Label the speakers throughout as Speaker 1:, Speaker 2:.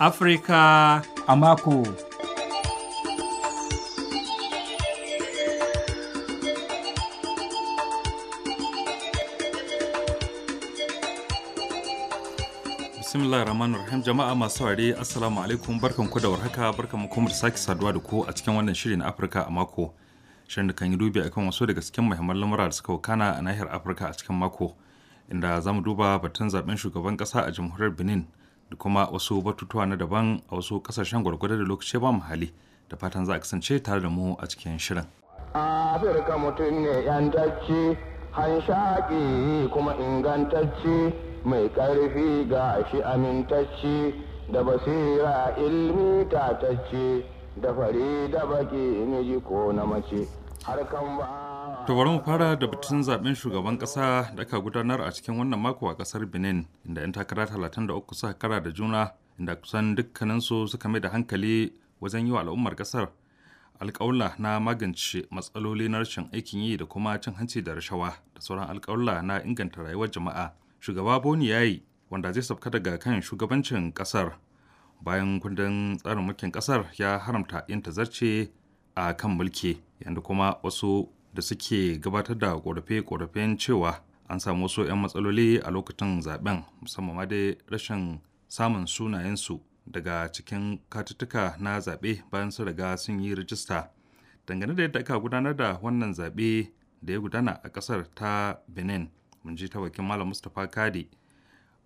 Speaker 1: Afirka a mako. bismillah rahman rahim jama'a masu saurare assalamu alaikum barkan ku da warhaka barkan kuma da sake saduwa da ku a cikin wannan shiri na afirka a mako shirin da kan yi dubi akan wasu daga cikin muhimman lamura da suka wakana a nahiyar afirka a cikin mako inda za mu duba batun zaben shugaban kasa a jamhuriyar benin da kuma wasu batutuwa na daban a wasu kasashen gwargwado da lokaci ba hali da fatan za a kasance tare da mu a cikin shirin.
Speaker 2: Afirka mutum ne yantacci, hanshaƙi kuma ingantacci mai ƙarfi ga shi amintacci da basira ilmi tatacci da fari da baki miji ko na mace. Harkan ba
Speaker 1: To mu fara da batun zaben shugaban kasa da aka gudanar a cikin wannan mako a kasar Benin inda 'yan takara 33 suka kara da juna inda kusan dukkaninsu suka mai da hankali wajen yi wa al'ummar kasar alƙawla na magance matsaloli na rashin aikin yi da kuma cin hanci da rashawa da sauran alƙawla na inganta rayuwar jama'a. Shugaba Boni yayi wanda zai sauka daga kan shugabancin kasar bayan kundin tsarin mulkin kasar ya haramta yin tazarce a kan mulki yadda kuma wasu da suke gabatar da korafe-korafen cewa an samu wasu 'yan matsaloli a lokacin zaben musamman ma dai rashin samun sunayensu daga cikin katuttuka na zaɓe bayan su riga sun yi rijista dangane da yadda aka gudanar da wannan zaɓe da ya gudana a kasar ta benin mun ji ta malam mustapha kadi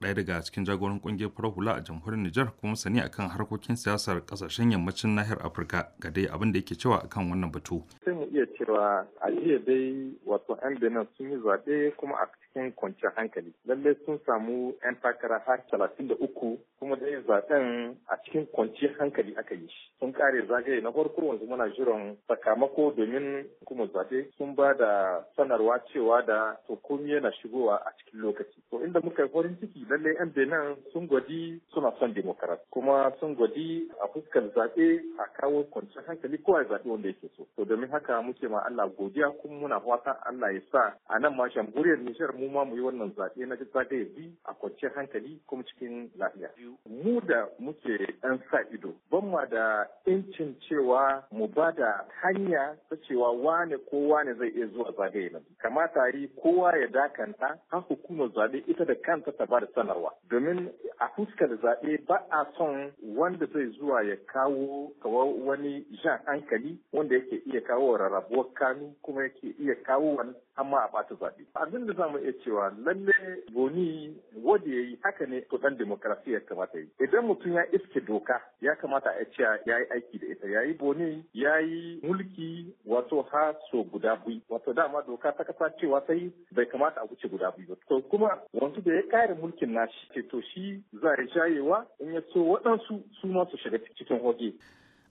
Speaker 1: ɗaya daga cikin jagoran ƙungiyar farar hula a jamhuriyar nijar kuma sani akan harkokin siyasar ƙasashen yammacin nahiyar afirka ga dai abin da yake cewa akan wannan batu
Speaker 3: iya cewa a jiya dai wato 'yan Benin sun yi zaɓe kuma a cikin kwanciyar hankali. Lallai sun samu 'yan takara har talatin da uku kuma dai zaɓen a cikin kwanciyar hankali aka yi shi. Sun kare zagaye na farko wanzu muna jiran sakamako domin kuma zaɓe sun ba da sanarwa cewa da to komi yana shigowa a cikin lokaci. To inda muka yi farin ciki lallai 'yan Benin sun gwadi suna son demokarat kuma sun gwadi a fuskar zaɓe a kawo kwanciyar hankali kowa ya zaɓi wanda yake so. To domin haka muke ma Allah godiya kuma muna fatan Allah ya sa a nan ma jamhuriyar Nijar mu ma mu yi wannan zaɓe na ya bi a kwanciyar hankali kuma cikin lafiya. Mu da muke ɗan sa ido ban ma da incin cewa mu ba da hanya ta cewa wane ko wane zai iya zuwa zagaye nan. Kamata yi kowa ya dakanta har hukumar zaɓe ita da kanta ta ba da sanarwa. Domin a fuskar zaɓe ba a son wanda zai zuwa ya kawo kawo wani jan hankali wanda yake iya kawo rabuwar kanu kuma yake iya kawo wani amma a ɓata zaɓe. Abin da zamu iya cewa lalle goni wanda ya yi haka ne to ɗan ya kamata yi. Idan mutum ya iske doka ya kamata a cewa ya yi aiki da ita ya yi boni ya yi mulki wato ha so guda biyu wato dama doka ta kasa cewa sai bai kamata a wuce guda biyu ba. To kuma wanzu da ya kare mulkin nashi ce to shi za ya jayewa in ya so waɗansu su ma su shiga cikin hoge.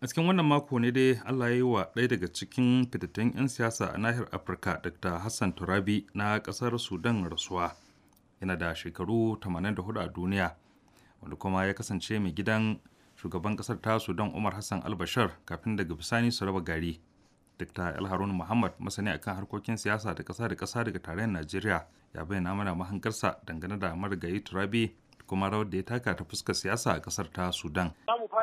Speaker 1: a cikin wannan mako ne dai allah ya yi wa ɗaya daga cikin fitattun 'yan siyasa a nahiyar afirka dr hassan turabi na ƙasar sudan rasuwa yana da shekaru 84 a duniya wanda kuma ya kasance mai gidan shugaban ƙasar ta sudan umar hassan albashar kafin daga bisani su raba gari dr alharun muhammad masani akan harkokin siyasa da ƙasa da ƙasa daga tarayyar najeriya ya bayyana mana mahankarsa dangane da marigayi turabi kuma rawar da ya taka ta fuskar siyasa a ƙasar ta sudan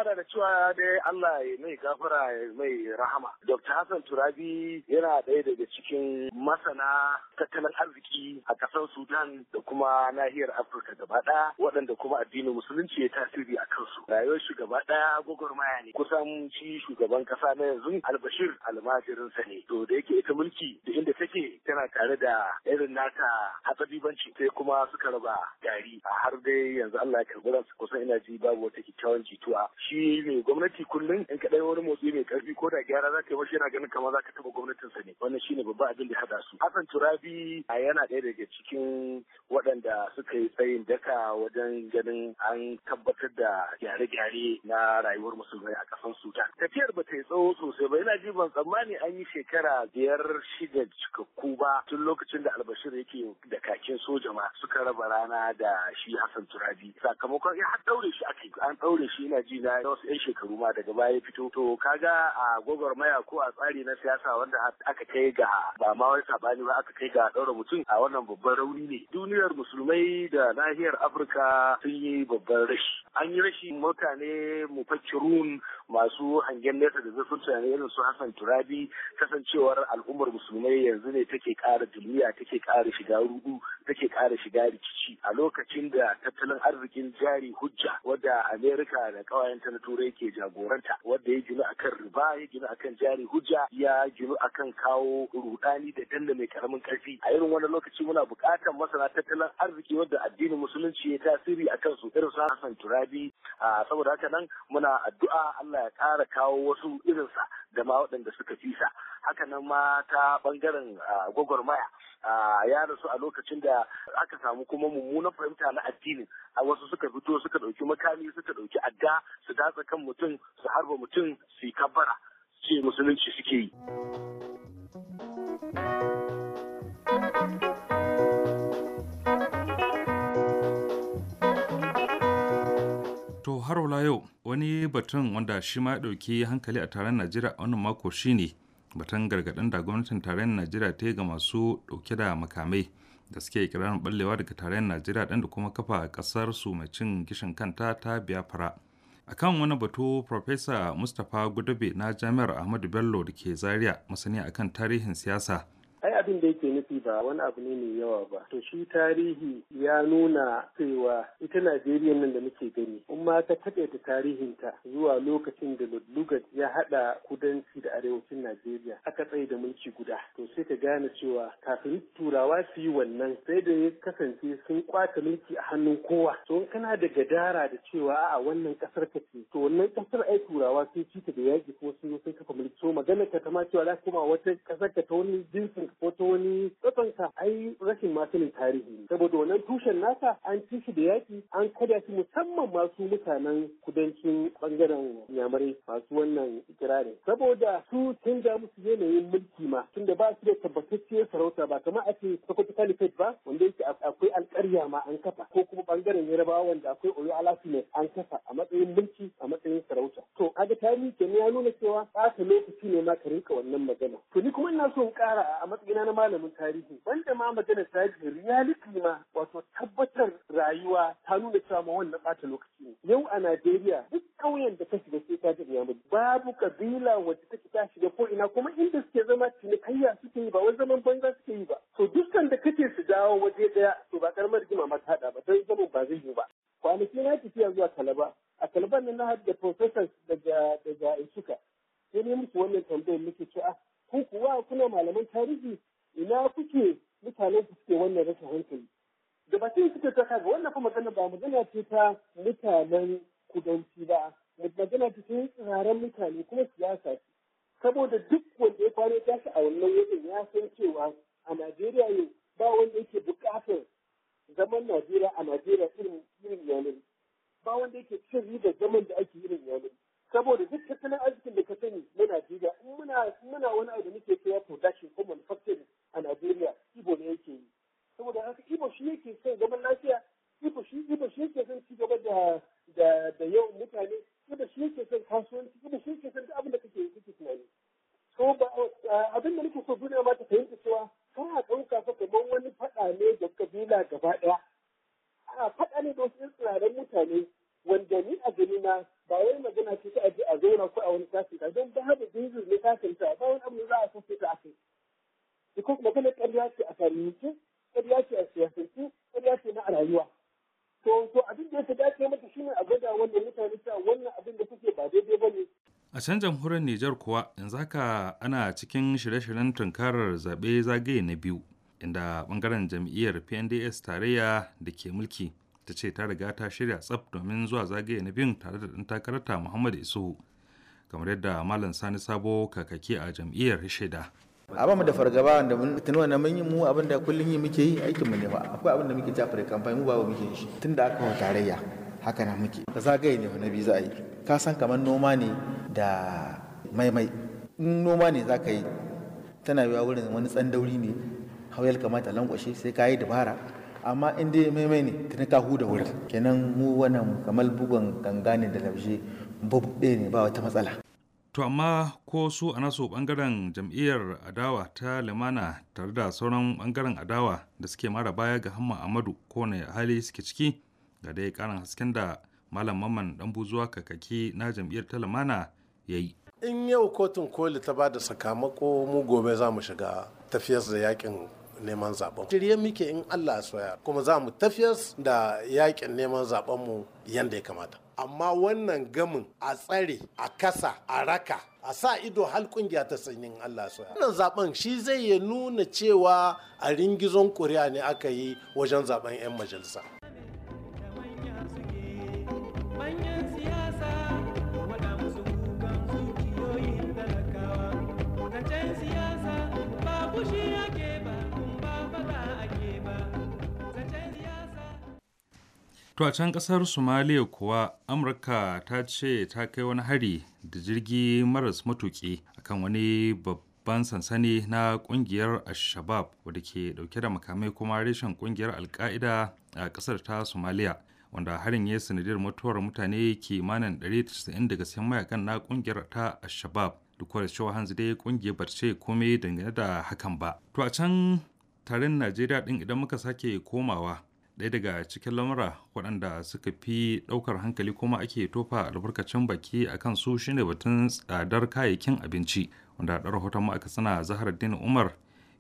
Speaker 2: hada da cewa dai Allah ya mai gafara ya mai rahama. Dr. Hassan Turabi yana ɗaya daga cikin masana tattalin arziki a ƙasar Sudan da kuma nahiyar Afirka gaba ɗaya waɗanda kuma addinin musulunci ya tasiri a kansu. Rayuwar shi ɗaya gwagwarmaya ne kusan shi shugaban ƙasa na yanzu Albashir almajirinsa ne. To da yake ita mulki da inda take tana tare da irin nata hatsabibanci sai kuma suka raba gari har dai yanzu Allah ya karɓi ransu kusan ina ji babu wata kyakkyawan jituwa. Shi shi ne gwamnati kullum in ka wani motsi mai karfi ko da gyara za ka yi mashi yana ganin kamar za ka taɓa gwamnatin sa ne wannan shine babban abin da ya haɗa su Hassan Turabi yana ɗaya daga cikin waɗanda suka yi tsayin daka wajen ganin an tabbatar da gyare-gyare na rayuwar musulmai a ƙasar Sudan tafiyar ba ta yi tsawo sosai ba yana ji ban tsammani an yi shekara biyar shida cikakku ba tun lokacin da Albashir yake da kakin soja ma suka raba rana da shi Hassan Turabi sakamakon ya har ɗaure shi ake an ɗaure shi yana ji na na wasu 'yan shekaru ma daga baya fito to kaga a maya ko a tsari na siyasa wanda aka kai ga ba ma wani sabani ba aka kai ga ɗaura mutum a wannan babban rauni ne duniyar musulmai da nahiyar afirka sun yi babban rashi an yi rashin mutane mufakkirun masu hangen nesa da zafin tunani irin su Hassan Turabi kasancewar al'ummar musulmai yanzu ne take kara duniya take kara shiga rudu take kara shiga rikici a lokacin da tattalin arzikin jari hujja wadda Amerika da ƙawayenta na Turai ke jagoranta wadda ya gina akan riba ya gina akan jari hujja ya gina akan kawo rudani da danda mai karamin karfi a irin wani lokaci muna bukatar masana tattalin arziki wadda addinin musulunci ya tasiri akan su irin su Hassan Turabi saboda haka nan muna addu'a Allah Allah ya ƙara kawo wasu irinsa da ma waɗanda suka fi sa Haka nan ma ta ɓangaren gwagwarmaya ya rasu a lokacin da aka samu kuma mummunan fahimta na addini a wasu suka fito suka ɗauki makami suka ɗauki adda su datsa kan mutum su harba mutum su yi kabbara ce musulunci suke yi.
Speaker 1: To har yau wani batun wanda shi ma ya ɗauki hankali a taron Najeriya a wannan mako shine batun gargadin da gwamnatin taron Najeriya ta yi ga masu ɗauke da makamai da suke ikirarin ballewa daga taron Najeriya ɗan da kuma kafa ƙasar su mai cin gishin kanta ta Biafra. kan wani batu Profesa Mustapha gudube na Jami'ar Ahmadu Bello da ke Zaria masani akan tarihin siyasa
Speaker 4: abin da yake nufi ba wani abu ne mai yawa ba to shi tarihi ya nuna cewa ita najeriya nan da muke gani in ma ta taƙaita tarihinta zuwa lokacin da ludlugat ya haɗa kudanci da arewacin najeriya aka tsaye da mulki guda to sai ka gane cewa kafin turawa su yi wannan sai da ya kasance sun kwata mulki a hannun kowa to in kana da gadara da cewa a wannan kasar ka ce to wannan kasar ai turawa sun ci ta da yaƙi ko sun yi sun kafa mulki to magana ka ta ma cewa za su koma wata kasar ka ta wani jinsin ko ambato wani tsatsonsa ai rashin masanin tarihi saboda wannan tushen nasa an ci shi da yaki an kada shi musamman masu mutanen kudancin bangaren yamarai masu wannan ikirarin saboda su sun da musu yanayin mulki ma tunda ba su da tabbatacciyar sarauta ba kamar a ce sokoto caliphate ba wanda yake akwai alƙarya ma an kafa ko kuma bangaren yarabawa wanda akwai oyo alasu ne an kafa a matsayin mulki a misali kenan ya nuna cewa ɓata lokaci ne ma ka rika wannan magana to ni kuma ina so in ƙara a matsayina na malamin tarihi banda ma magana ta tarihi reality ma wato tabbatar rayuwa ta nuna cewa ma wannan ɓata lokaci ne yau a Najeriya duk ƙauyen da ta shiga sai ta ji babu kabila wacce take ta shiga ko ina kuma inda suke zama cinikayya suke yi ba wani zaman banza suke yi ba to dukkan da kake su dawo waje ɗaya to ba karamar rigima ma ta haɗa ba don zaman ba zai yi ba kwanaki na tafiya zuwa Kalaba ɗaliban na na da professors daga daga Isuka sai ne musu wannan tambayar muke ce a ah, ku kuwa kuna malaman tarihi ina kuke mutanen ku suke wannan rashin hankali da ba sai suke saka ga wannan kuma ba magana ce ta mutanen kudanci ba magana ce ta tsiraren mutane kuma siyasa ce saboda duk ku a wani ka don babu jinjin ne ta ba wani abu za a sasanta a kai da kuma magana kariya ce a tarihinci kariya ce a siyasance kariya ce na a rayuwa to to abin da ya dace mata shine a gwada wannan mutane cewa wannan abin da kuke ba daidai ba ne
Speaker 1: a can jamhuriyar Nijar kuwa yanzu haka ana cikin shirye-shiryen tunkarar zaɓe zagaye na biyu inda ɓangaren jam'iyyar PNDS tarayya da ke mulki ta ce ta riga ta shirya tsaf domin zuwa zagaye na biyun tare da ɗan takarata Muhammadu Isuhu kamar yadda malam sani sabo kakaki a jam'iyyar shaida
Speaker 5: a da fargaba da tunuwa na mun yi mu abin da kullum yi muke yi aikin mu ne ba akwai abin da muke jafare kamfani mu ba muke shi tun da aka wa tarayya haka na muke ka zagaye ne na biyu za a yi ka san kamar noma ne da maimai in noma ne za ka yi tana yiwa wurin wani tsandauri ne hauyar kamata lankwashe sai ka yi dabara amma in dai maimai ne na kahu da wuri. kenan mu wannan kamar bugun ganga ne da labshe babu ne ba wata matsala
Speaker 1: To amma ko su a naso bangaren jam'iyyar adawa ta limana tare da sauran bangaren adawa da suke mara baya ga hamma amadu kowane hali suke ciki ga dai karin hasken da malam mamman dan buzuwa kakaki na jam'iyyar ta limana ya yi.
Speaker 5: In yau kotun koli ta ba da sakamako mu gobe za mu shiga tafiyar da yakin neman zaben shirye muke in Allah soya kuma za mu tafiyar da yakin neman zaben mu yanda ya kamata amma wannan gamin a tsare a kasa a raka a sa ido hal kungiya ta sanyin Allah soya wannan zaben shi zai ya nuna cewa a ringizon kuri'a ne aka yi wajen zaben 'yan majalisa
Speaker 1: To a can ƙasar Somalia kuwa Amurka ta ce ta kai wani hari da jirgi maras matuki akan wani babban sansani na ƙungiyar al wadda ke dauke da makamai kuma reshen ƙungiyar alka'ida a ƙasar ta Somalia. Wanda harin ya sanadiyar mutuwar mutane kimanin 190 daga cikin mayakan na kungiyar ta al Duk da cewa hanzu dai ƙungiyar barce komai dangane da hakan ba. To a can taron Najeriya din idan muka sake komawa ɗaya daga cikin lamura waɗanda suka fi ɗaukar hankali kuma ake tofa albarkacin baki a kan su shine batun tsadar kayayyakin abinci wanda da rahoton mu aka sana zahar umar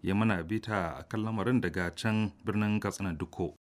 Speaker 1: ya mana bita a kan lamarin daga can birnin katsina dukko.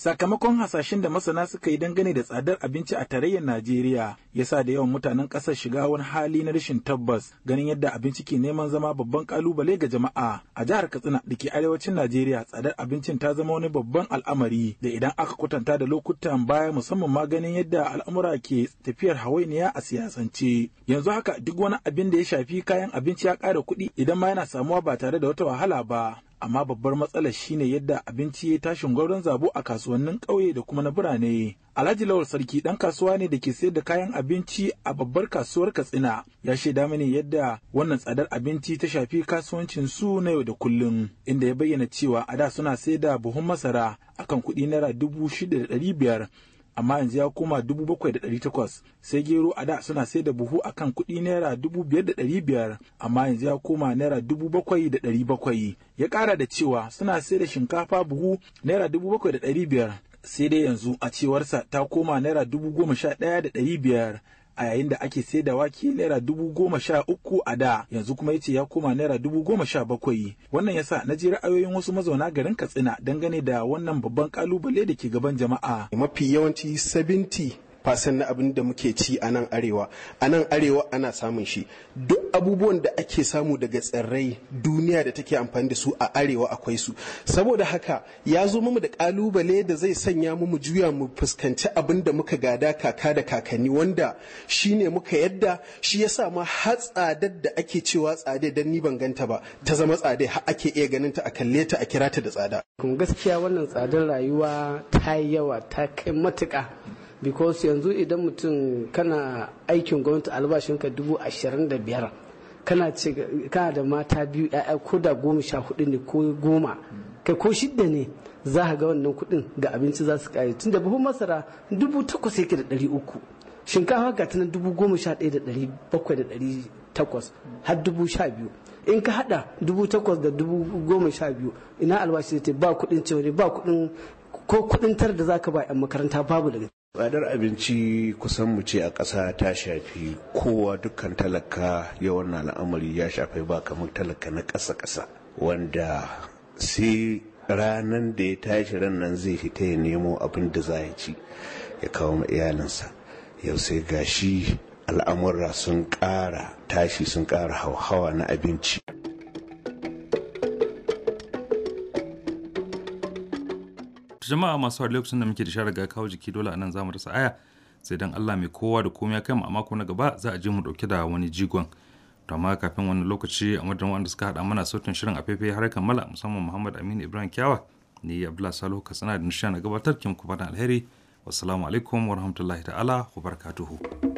Speaker 5: Sakamakon hasashen da masana suka yi dangane da tsadar abinci a tarayyar Najeriya ya sa da yawan mutanen ƙasar shiga wani hali na rashin tabbas ganin yadda abinci ke neman zama babban kalubale ga jama'a a jihar Katsina da ke arewacin Najeriya tsadar abincin ta zama wani babban al'amari da idan aka kwatanta da lokutan baya musamman ma ganin yadda al'amura ke tafiyar hawainiya a siyasance. Yanzu haka duk wani abin da ya shafi kayan abinci ya ƙara kuɗi idan ma yana samuwa ba tare da wata wahala ba. amma babbar matsalar shine yadda abinci ya tashin gwauron zabo a kasuwannin ƙauye da kuma na birane. Alhaji Lawal Sarki ɗan kasuwa ne da ke sayar da kayan abinci a babbar kasuwar Katsina ya shaida mini yadda wannan tsadar abinci ta shafi kasuwancin su na yau da kullum inda ya bayyana cewa a da suna sayar da buhun masara akan kuɗi naira dubu shida da ɗari biyar amma yanzu ya koma dubu bakwai da ɗari takwas sai gero a da suna sai da buhu a kan kuɗi naira dubu biyar da ɗari biyar amma yanzu ya koma naira dubu bakwai da ɗari bakwai ya ƙara da cewa suna sai da shinkafa buhu naira dubu bakwai da ɗari biyar sai dai yanzu a cewarsa ta koma naira dubu goma sha ɗaya da ɗari biyar a yayin da ake sai da wake naira dubu goma sha uku a da yanzu kuma yace ya koma naira dubu goma sha bakwai wannan yasa na ji ra'ayoyin wasu mazauna garin katsina dangane da wannan babban kalubale da ke gaban jama'a mafi yawanci 70 fasan na abin da muke ci a nan arewa a nan arewa ana samun shi duk abubuwan da ake samu daga tsirrai duniya da take amfani da su a arewa akwai su saboda haka ya zo mu da kalubale da zai sanya mu juya mu fuskanci abin da muka gada kaka da kakanni wanda shine muka yadda shi ya sa ma har tsadar da ake cewa tsade dan ni ban ganta ba ta zama tsade har ake iya ganin ta a kalle ta a kira ta da tsada
Speaker 4: gaskiya wannan tsadar rayuwa ta yawa ta kai matuka because yanzu idan mutum kana aikin gwamnati albashinka dubu ashirin da biyar kana da mata biyu ya'ya ko da goma sha hudu ne ko goma kai ko shidda ne za ka ga wannan kudin ga abinci za su kare tun da buhun masara dubu takwas yake da ɗari uku shinkafa ga ta dubu goma sha ɗaya da ɗari bakwai da ɗari takwas har dubu sha biyu in ka hada dubu takwas da dubu goma sha biyu ina albashi ta ba kudin cewari ba kudin ko kudin tar da ka ba yan makaranta babu daga tsadar abinci kusan mu ce a ƙasa ta shafi kowa dukkan talaka ya wannan al'amari ya shafi ba kamar talaka na ƙasa-ƙasa wanda sai ranar da ya tashi nan zai fita ya nemo abin da za ya ci ya kawo ma iyalinsa yau sai gashi al'amura sun ƙara tashi sun ƙara hauhawa na abinci
Speaker 1: jama'a masu har lokacin da muke da ga kawo jiki dole anan zamu rasa aya sai dan Allah mai kowa da komai kai mu a mako na gaba za a je mu dauke da wani jigon to amma kafin wannan lokaci a madadin wanda suka hada mana sautin shirin a fefe har mala musamman Muhammad Aminu Ibrahim Kyawa ni Abdullahi Salo Katsina da nishana gabatar kin ku fatan alheri wassalamu alaikum warahmatullahi ta'ala barakatuhu